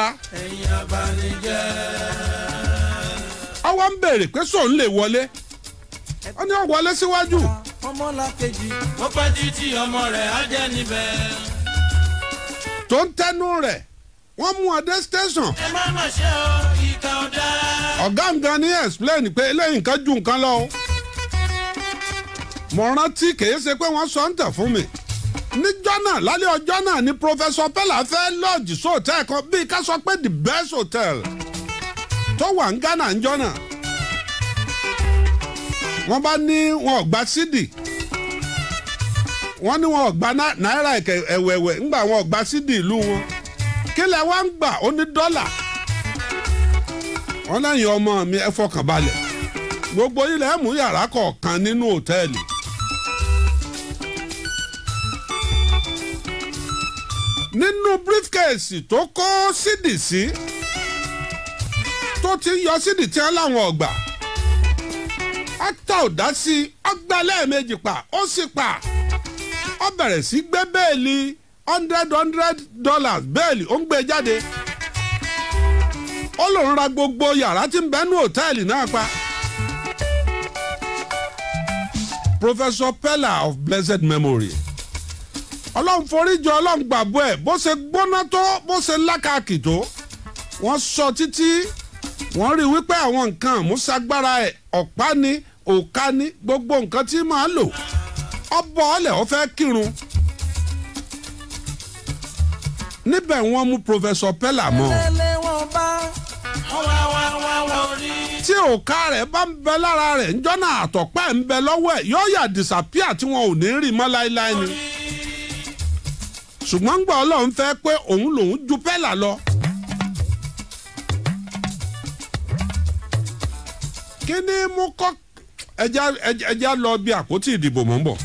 ọwọ́ ń béèrè pé sóun lè wọlé ó ní ó wọlé síwájú. ó tó ń tẹnu rẹ̀ wọ́n mú ọdẹ station. ẹ má mọ̀ ṣe o ní pé eléyìí nǹkan ju nǹkan lọ mo rántí kèé pé wọ́n sọ ń tẹ̀ fún mi níjọ́ náà lálẹ́ ọjọ́ náà ni Professor Pella fẹ́ lọ́ọ̀jì sóòtẹ́ẹ̀ kan bíi ká sọ pé the best hotel tó wà ní gánà níjọ́ náà wọ́n bá ní wọn ò gba sídì wọ́n ní wọn ò gba náírà ẹ̀wẹ̀wẹ̀ ńgbà wọn ò gba sídì ìlú wọn kílẹ̀ wá ń gbà ó ní dọ́là wọ́n lẹ́yìn ọmọ mi ẹ fọkàn balẹ̀ gbogbo ilẹ̀ mú yàrá kọ̀ọ̀kan nínú hòtẹ́ẹ̀lì. nínú bíríkèsì tó kó sídì sí tó ti yọ sídì tí wọn láwọn ọgbà ata ọ̀dá sí ọgbà lẹ́ẹ̀mejì pa ó sì pa ọ bẹ̀rẹ̀ sí gbé bẹ́ẹ̀lì hundred hundred dollars bẹ́ẹ̀lì ó ń gbé jáde ó lòun ra gbogbo yàrá tí ń bẹ́nu hòtẹ́ẹ̀lì náà pa. Professor Pella of blessed memory ọlọ́run foríjọ ọlọ́run gbàgbọ́ ẹ̀ bó ṣe gbóná tó bó ṣe lákàkì tó wọ́n sọ títí wọ́n rí wípé àwọn nǹkan àmúṣagbára ẹ̀ ọ̀pá ni òka ni gbogbo nǹkan tí máa lò ọbọ̀ ọ̀lẹ̀ ó fẹ́ kírun níbẹ̀ wọ́n mú Professor Pella mọ́ tí òka rẹ̀ bá ń bẹ lára rẹ̀ ń jọ́nà àtọ̀pẹ́ ń bẹ lọ́wọ́ ẹ̀ yóò yà disappear tí wọn ò ní rí mọ́ láéláé ni. ṣùgbọ́n gbọ́ ọlọ́run fẹ́ pé òun lòun ju pẹ́là lọ. kí ni mo kọ́ ẹja lọ bí àpótí ìdìbò mò ń bọ̀.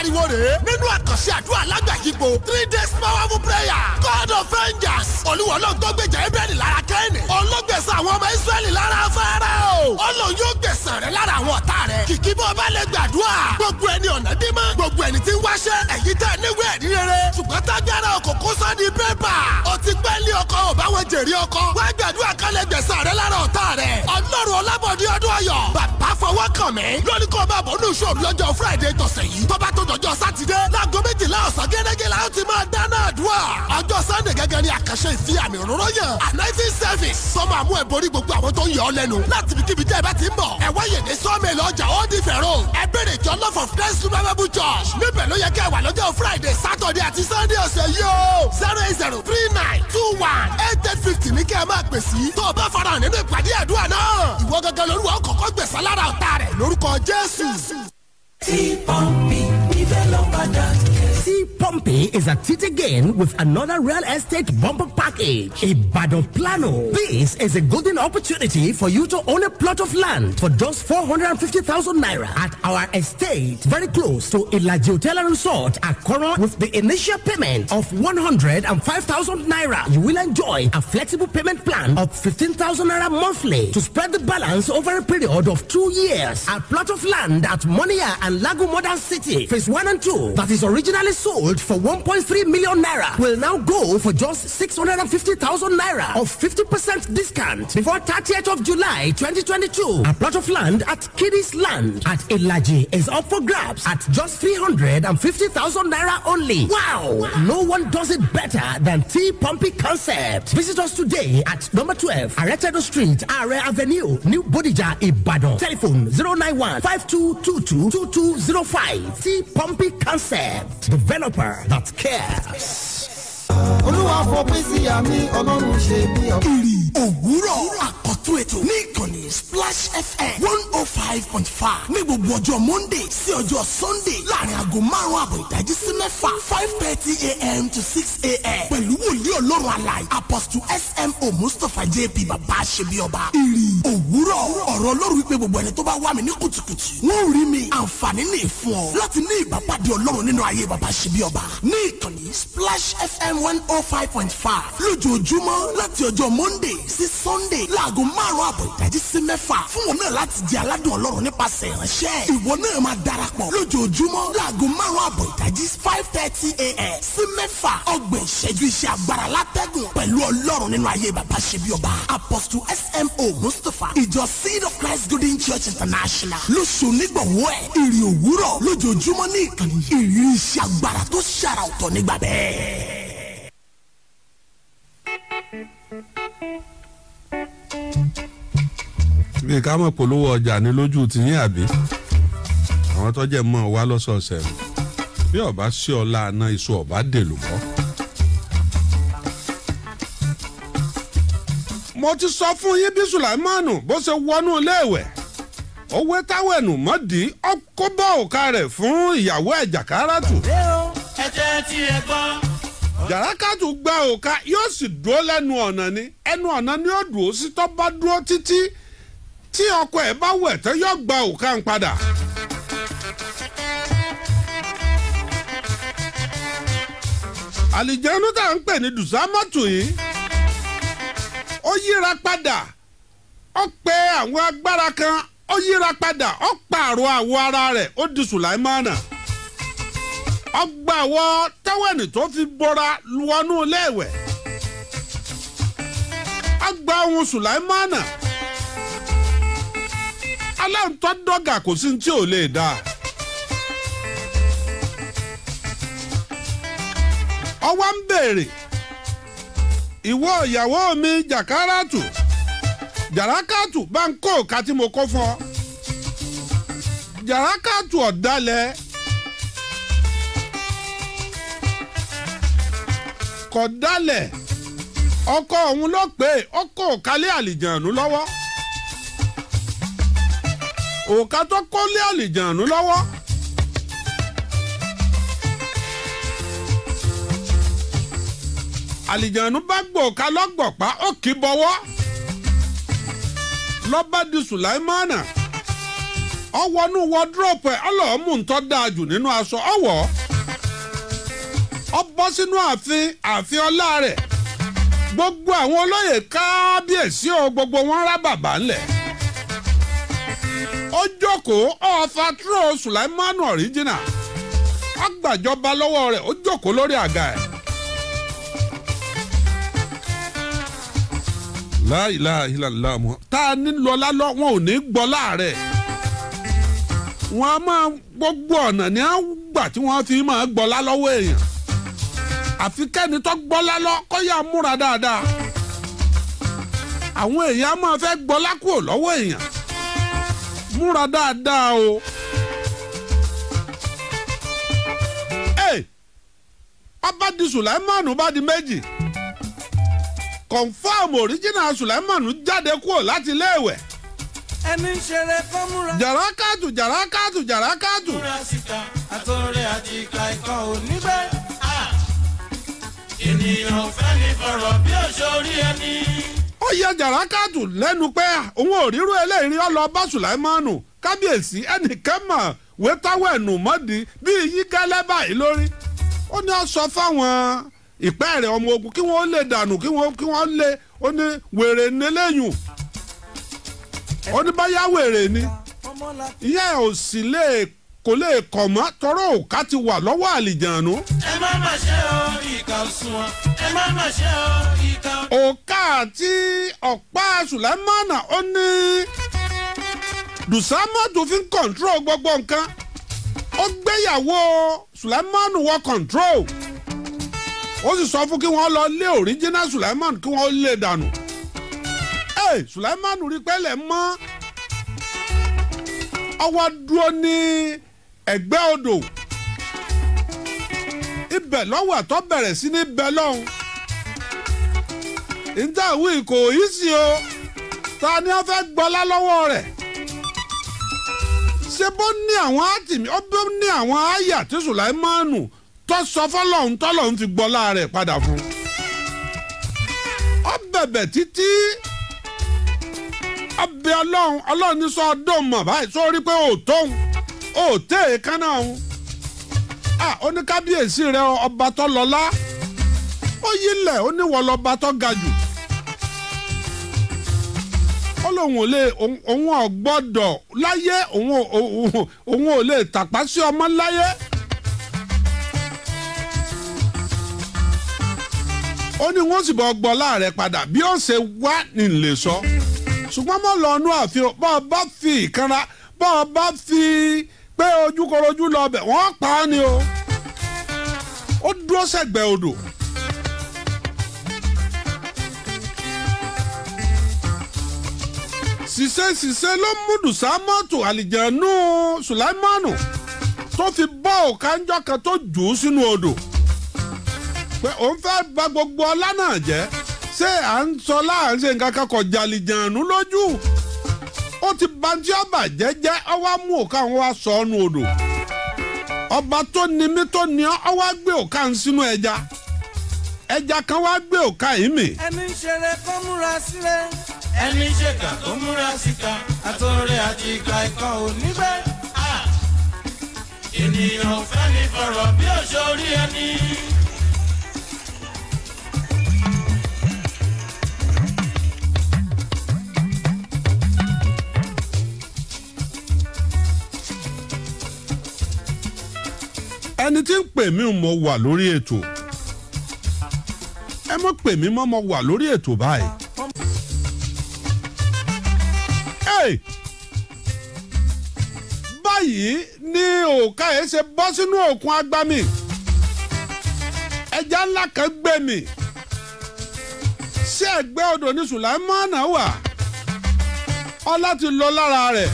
pariwo rèé nínú àkànṣe àdúrà lágbàyípo three days powerful prayer god of vengeance olúwa ọlọ́gbọ́n gbèjà ebẹ́ni lára kẹ́ni ọlọ́gbẹ̀sán àwọn ọmọ israẹli lára fẹ́rẹ́ o ọlọ́run yóò gbẹ̀sán rẹ lára àwọn ọ̀tá rẹ kìkì bọ́ bá lè gbàdúrà gbogbo ẹni ọ̀nà dímọ́ gbogbo ẹni tí ń wáṣẹ́ èyí tẹ́ níwé ẹ̀rí rere ṣùgbọ́n tágbára ọkọ̀ kó sọ di pépà o ti pẹ́ lé ọkọ ò bá wọn jèrè ọkọ wá gbàdúrà kan lè gbẹ̀sán rẹ lára ọ̀tá rẹ ọlọ́run ọlábọ̀dé ọdún ọyọ̀ bàbá fọwọ́ kàn mí lórí kó o bá bọ̀ nù sọ̀rọ̀ lọ́jọ́ friday tọ̀sẹ̀ yìí tọ́ba tó dọ̀jọ́ sátidé láago méjìlá ọ̀sán gẹ́gẹ́ la ó ti máa dáná àdúrà. ọjọ́ sànńdẹ̀ gẹ́gẹ́ ni àkànṣe ìfi àmì òróró yàn. anointing service sọmọ àmú ẹ̀ borí gbogbo àwọn tó ń yọ ọ lẹ́nu. láti ibi kíbi tẹ́ ẹ bá ti ń bọ̀. ẹ wáyè ní sọ́ọ̀mẹ́lì ọjà ó di fẹ̀rọ. ẹ béèrè jọ love of friends to my bible church. níbẹ̀ ló yẹ kẹ́ ẹ wà lọ́jọ́ friday saturday àti sunday ọ̀sẹ̀ yìí o. zero eight zero three nine two one eight eight fifty ní kẹ́ ẹ máa pè sí. tó o bá fara hàn nínú ìpàdé àdúrà náà. ìwọ gángan lórúkọ kọ́kọ́ gbẹ̀sán lára ọ̀tá rẹ̀ lórúkọ jésù. tí pọ́ǹpì standard. Pompey is at it again with another real estate bumper package. Ibadan Plano. This is a golden opportunity for you to own a plot of land for just 450,000 naira at our estate, very close to Ilaji Hotel and Resort at Koron with the initial payment of 105,000 naira. You will enjoy a flexible payment plan of 15,000 naira monthly to spread the balance over a period of two years. A plot of land at Monia and Lago Modern City, phase 1 and 2, that is originally sold for 1.3 million naira will now go for just 650,000 naira of 50% discount before 30th of July 2022. A plot of land at Kiddies Land at Ilaji is up for grabs at just 350,000 naira only. Wow. No one does it better than T Pumpy Concept. Visit us today at number 12 Aretado Street, Are Avenue, New Bodija, Ibadan. Telephone 091 5222 2205. T Pumpy Concept. Developer that cares. olúwa fọ pèsè àmì ọlọ́run ṣe mí ọ. ìrì òwúrọ̀ àkọ́tún ètò ní ìkànnì splash fm one oh five point five ní gbogbo ọjọ́ monday sí ọjọ́ sunday láàrin aago márùn-ún àbọ̀ ìdájí sí mẹ́fà five thirty a.m. to six a.m. pẹ̀lú wòlíì ọlọ́run àlàyé apostle sm o mustapha jp bàbá àṣebí ọba. ìrì òwúrọ̀ ọ̀rọ̀ lórí wípé gbogbo ẹni tó bá wá mi ní kùtùkùtù. wọ́n ò rí mi àǹfààní ní ìfún ọ láti ní ìbápadì ọlọ́run nínú ayé bàbá àṣebí ọba. ní ìkànnì splash fm one oh five point five lójoojúmọ́ láti ọjọ́ monday sí sunday láago márùn-ún àbọ̀ ìdájí sí mẹ́fà fún wọn náà láti di aládùn ọlọ́run nípasẹ̀ ìránṣẹ́ ìwọ náà máa darapọ̀ lójoojúmọ́ láago márùn-ún àbọ̀ ìdájí five thirty a.m. sí mẹ́fà ọgbọ̀n ìṣẹ́jú iṣẹ́ agbára látẹ́gùn pẹ̀lú ọlọ́run nínú ayé wọlé bàbá ṣe bí ọba apostle smo mustapha ìjọ seed of christ golden church international lóṣù nígbàwọ́ ẹ̀ ìrìn òwúrọ̀ lójoojúmọ́ ní ìkànnì ìrírí iṣẹ́ agbára tó ṣàrà ọ̀tọ̀ nígbà bẹ́ẹ̀. bí ká mọ̀ polówó ọjà ní lójú tìyín àbí àwọn tó jẹ́ mọ́ wá lọ́sọ̀ọ̀sẹ̀ bí ọba sí ọ iṣu ọba dèlùbọ́. mo ti sọ fún yín bí sùlámánù bó ṣe wọnú iléèwẹ̀ owó táwẹ̀nù mọ́dí ọkọ bá òka rẹ̀ fún ìyàwó ẹ̀ jàkáràtù. ẹ gba òka yóò sì dúró lẹ́nu ọ̀nà ni ẹnu ọ̀nà ni ó dúró sí tó bá dúró títí tí ọkọ ẹ̀ bá wẹ̀ tó yóò gba òka ń padà. àlìjẹ́nu tá à ń pè ní dùsámọ́tò yìí. ó yíra padà ó pe àwọn agbára kan ó yíra padà ó pààrọ̀ àwọ̀ ara rẹ̀ ó di sùláìmánà ó gba àwọ̀ táwẹ̀nì fi bora wọnú iléèwẹ̀ ó gba ohun sùláìmánà aláǹ tó dọ́gà kò sí tí ò lè dá. ọwọ́ ń ìwọ ìyàwó mi jàkáràtù jàràkàtù bá ń kó òkà tí mo kó fún ọ jàràkàtù ọ̀dàlẹ̀ kọ̀dàlẹ̀ ọkọ òun ló pè é ọkọ òkàlẹ̀ àlìjànù lọ́wọ́ òkà tó kọ́lé àlìjànù lọ́wọ́. àlìjànú bá ká lọ́gbọ̀pá ó kì í bọ́wọ́ lọ́ba sùláìmánà ọwọ́nú wọ́dúrọ̀pù ẹ̀ ọlọ́ọ̀mù ń dáa jù nínú aṣọ ọwọ́ ọ bọ́ sínú ààfin ààfin ọlá rẹ̀ gbogbo àwọn olóyè kábíyèsí gbogbo wọn rá bàbá ńlẹ̀ ó jókòó ọ̀fà ọ̀ríjìnà lọ́wọ́ rẹ̀ ó jókòó lórí àga láìlá ìlàlá mu tá a ní lọlá lọ wọn ò ní gbọ́ láàrẹ̀ wọn a máa gbogbo ọ̀nà ní á gbà tí wọ́n fi máa gbọ́lá lọ́wọ́ èèyàn àfi kẹ́ni tó gbọ́lá lọ kọ́ yá múra dáadáa àwọn èèyàn a máa fẹ́ gbọ́lá kúrò lọ́wọ́ èèyàn múra dáadáa o. ọba di Sùlẹ́mánù bá di méjì. confam original Suleiman jáde kúrò láti iléèwẹ̀. ẹni ń ṣeré kó múra. jàrákàtù jàrákàtù jàrákàtù. múra síta àtọ̀rẹ́ àti ìka ikọ̀ onígbẹ́. ènìyàn fẹ́ ní fọ̀rọ̀ bí òṣòrí ẹni. ó yẹ jàrákàtù lẹ́nu pé òun ò rírú eléyìí ọlọ bá Suleiman kábíyèsí ẹnìkan mọ̀ wẹ́táwẹ̀ nù mọ́di yíkẹ́lẹ́ báyìí lórí. ó ní ọ sọ fáwọn ìpẹ́ẹ̀rẹ̀ ọmọ ogun kí wọ́n lè dànù kí wọ́n kí wọ́n lè ó ní wèrè ní lẹ́yìn ó ni ìyẹn ò sì lè kò lè ti wà lọ́wọ́ àlìjànú. ẹ má má ṣe o ìkà ẹ má má ṣe o ìkà. òkà àti ọ̀pá sùlẹ́mánà ó ní dùsámọ́tò fi ń ó gbéyàwó wọ ó sì sọ fún kí wọ́n lọ lé original Suleiman kí wọ́n lé dànù ee Suleiman rí pẹ́lẹ̀ mọ́ ọwọ́ dúró ní ẹ̀gbẹ́ odò ibẹ̀ lọ́wọ́ àtọ́ bẹ̀rẹ̀ sí ní bẹ lọ́hùn ìtàwí kò yí sí o ta ni wọ́n fẹ́ gbọ́lá lọ́wọ́ rẹ̀ ṣé bó ní àwọn átìmí ó bó ní àwọn àyà tí Sùláìmánù tó sọ fọlọ́hún tọ́lọ́hún ti gbọ́ láàrẹ̀ padà fún un. ó bẹ̀bẹ̀ títí ọbẹ̀ ọlọ́run ọlọ́run ní sọ ọdún mọ̀ báyìí sọ rí pé ó tóun ó tẹ̀ é kánà òun. oníkábíyèsí rẹ ọba tó lọ́lá ó yílẹ̀ ó ní wọ́n lọ́ba tó ga jù lòun ò lè òun ò gbọ́dọ̀ láyé òun ò lè tàpá sí ọmọ láyé ó ní wọ́n sì bọ́ gbọ́ láàrẹ padà bí ó ṣe wá ní lè sọ ṣùgbọ́n mo lọ inú àfihàn bọ́ ọ bá fi ìkanra bọ́ ọ bá fi pé ojúkorojú lọ bẹ̀ wọ́n pa á ni o ó dúró sẹ́gbẹ̀ẹ́ odò. ṣiṣẹ́ ṣiṣẹ́ ló múdù sámọ́tò àlìjẹ̀nú sùláìmánù tó fi bọ́ òkànjọ́ kan tó jù ú sínú odò. pé òun fẹ́ bà gbogbo ọlá náà jẹ́ ṣé à ń sọ ṣe nǹkan kan jalijanu lójú ó ti bà tí ọba jẹ́jẹ́ mú òkà wọn wá sọ odò ọba tó ni mí tó ni ọ́ ọwọ́ gbé òkà ń sínú ẹja ẹja kan wá gbé òkà yìí mì. ẹni ń ṣeré kó múra sílẹ̀ ẹni ń ṣèkà kó múra síta àtòrè àti ìka ẹ̀kọ́ ò níbẹ̀ ah! ẹni tí ń pè mí mo wà lórí ètò ẹ mọ pè mí mo wà lórí ètò báyìí. báyìí ni ṣe bọ́ sínú òkun agbami ẹja ńlá kan gbé mi odò ní wà lọ lára rẹ̀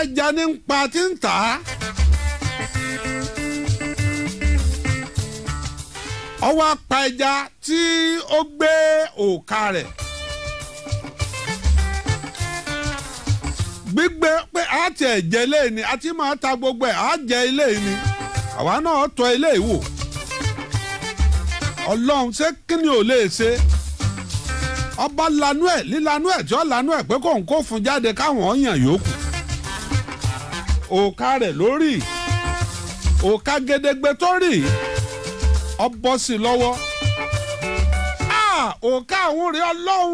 ẹja ní ń pa ó wá pa ẹja tí ó gbé òòka rẹ̀ gbígbé pé a ti ẹ̀ jẹ ilé ni a ti máa ta gbogbo ẹ̀ a jẹ ilé ni àwa náà tọ́ ilé ìwò ọlọ́run ṣé kí ni ò lè ṣe ọba lanú ẹ̀ lílanú ẹ̀ tí ó lanú ẹ̀ pé kò ń kó fún jáde káwọn ọ̀yàn yòókù òòka rẹ̀ lórí òòka gedegbe tó rí i. ọ lọwọ sí lọ́wọ́ òǹkà àwọn rèé ọlọ́run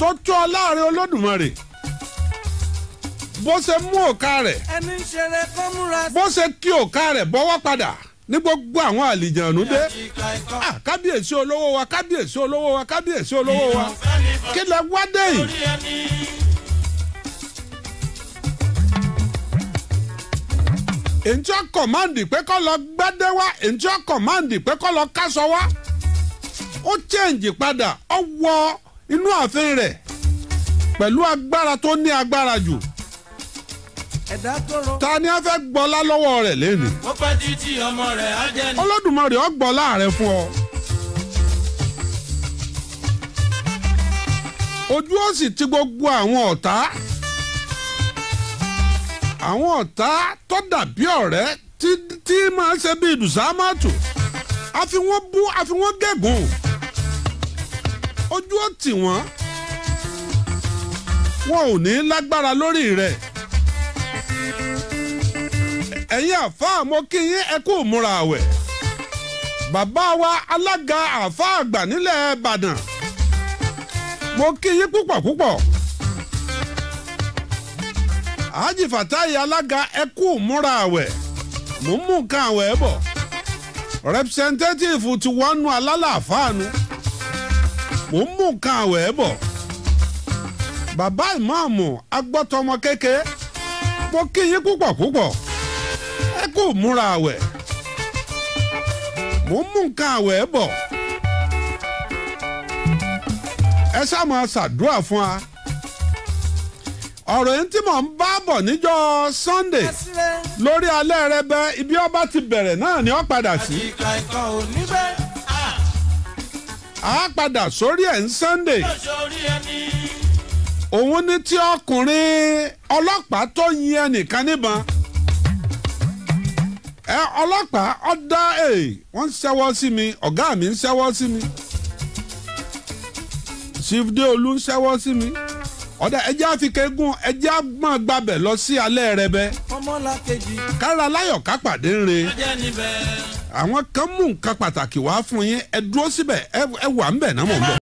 tó tó ọ láàrin olódùmarè bó ṣe mú òǹkà rẹ̀ bó ṣe kí òǹkà rẹ̀ bọ́wọ́ padà ní gbogbo àwọn dé kábíyèsí olówó wa kábíyèsí olówó wa kábíyèsí olówó wa kí lẹ wá èntì ọkọ̀máǹdì pé kọ́ lọ gbádé wá èntì ọkọ̀máǹdì pé kọ́ lọ wá ó chẹ́ǹjì padà ó wọ inú ààfin rẹ̀ pẹ̀lú agbára tó ní agbára jù ta ni a fẹ́ gbọ́lá lọ́wọ́ rẹ̀ lẹ́nu. ó pẹ́ ọmọ rẹ̀ á jẹ́ ni. ó gbọ́lá rẹ̀ fún ọ. ojú ó sì àwọn ọ̀tá tó dàbí ọ̀rẹ́ tí máa ṣe bí ìdùsámàtù àfi wọ́n bú àfi wọ́n gégùn ojú ó tì wọ́n wọn ò ní lágbára lórí rẹ̀ ẹ̀yin àfáà mo kí yín ẹ kú múra àwẹ̀ bàbá wa alága àfáà àgbà nílẹ̀ Ìbàdàn mo kí yín púpọ̀ púpọ̀. Haji Fatai alága ẹkú múra àwẹ̀ mò ń mú nǹkan àwẹ̀ bọ̀ representative ti wọ́n nu alálàáfáànu mò ń mú nǹkan àwẹ̀ bọ̀ bàbá ìmáàmù agbọ́tọmọ kékeré mo kí púpọ̀ púpọ̀ ẹkú múra àwẹ̀ mú nǹkan àwẹ̀ bọ̀ ẹ ọ̀rọ̀ yẹn tí mò ń bá bọ̀ níjọ́ Sunday lórí alẹ́ rẹ bẹ ibi ọba ti bẹ̀rẹ̀ náà ni ó padà sí. a padà sórí ẹ̀ ń Sunday òun ní tí ọkùnrin ọlọ́pàá tó yin ẹnìkan níbọn ẹ ọlọ́pàá ọ̀dà ẹ̀ wọ́n ń ṣẹ́wọ́ sí mi ọ̀gá mi ń ṣẹ́wọ́ sí mi Chief Deolu ń ṣẹ́wọ́ sí mi ọ̀dà ẹjẹ́ àfikẹ́gùn ẹjẹ́ àgbọ̀n gbàbẹ̀ lọ sí alẹ́ rẹ bẹ́. kára láyọ̀ ká pàdé ń re. àwọn kan mú nǹkan pàtàkì wá fún yín ẹ dúró síbẹ̀ ẹ wà ń bẹ̀ náà mọ̀ ń bọ̀.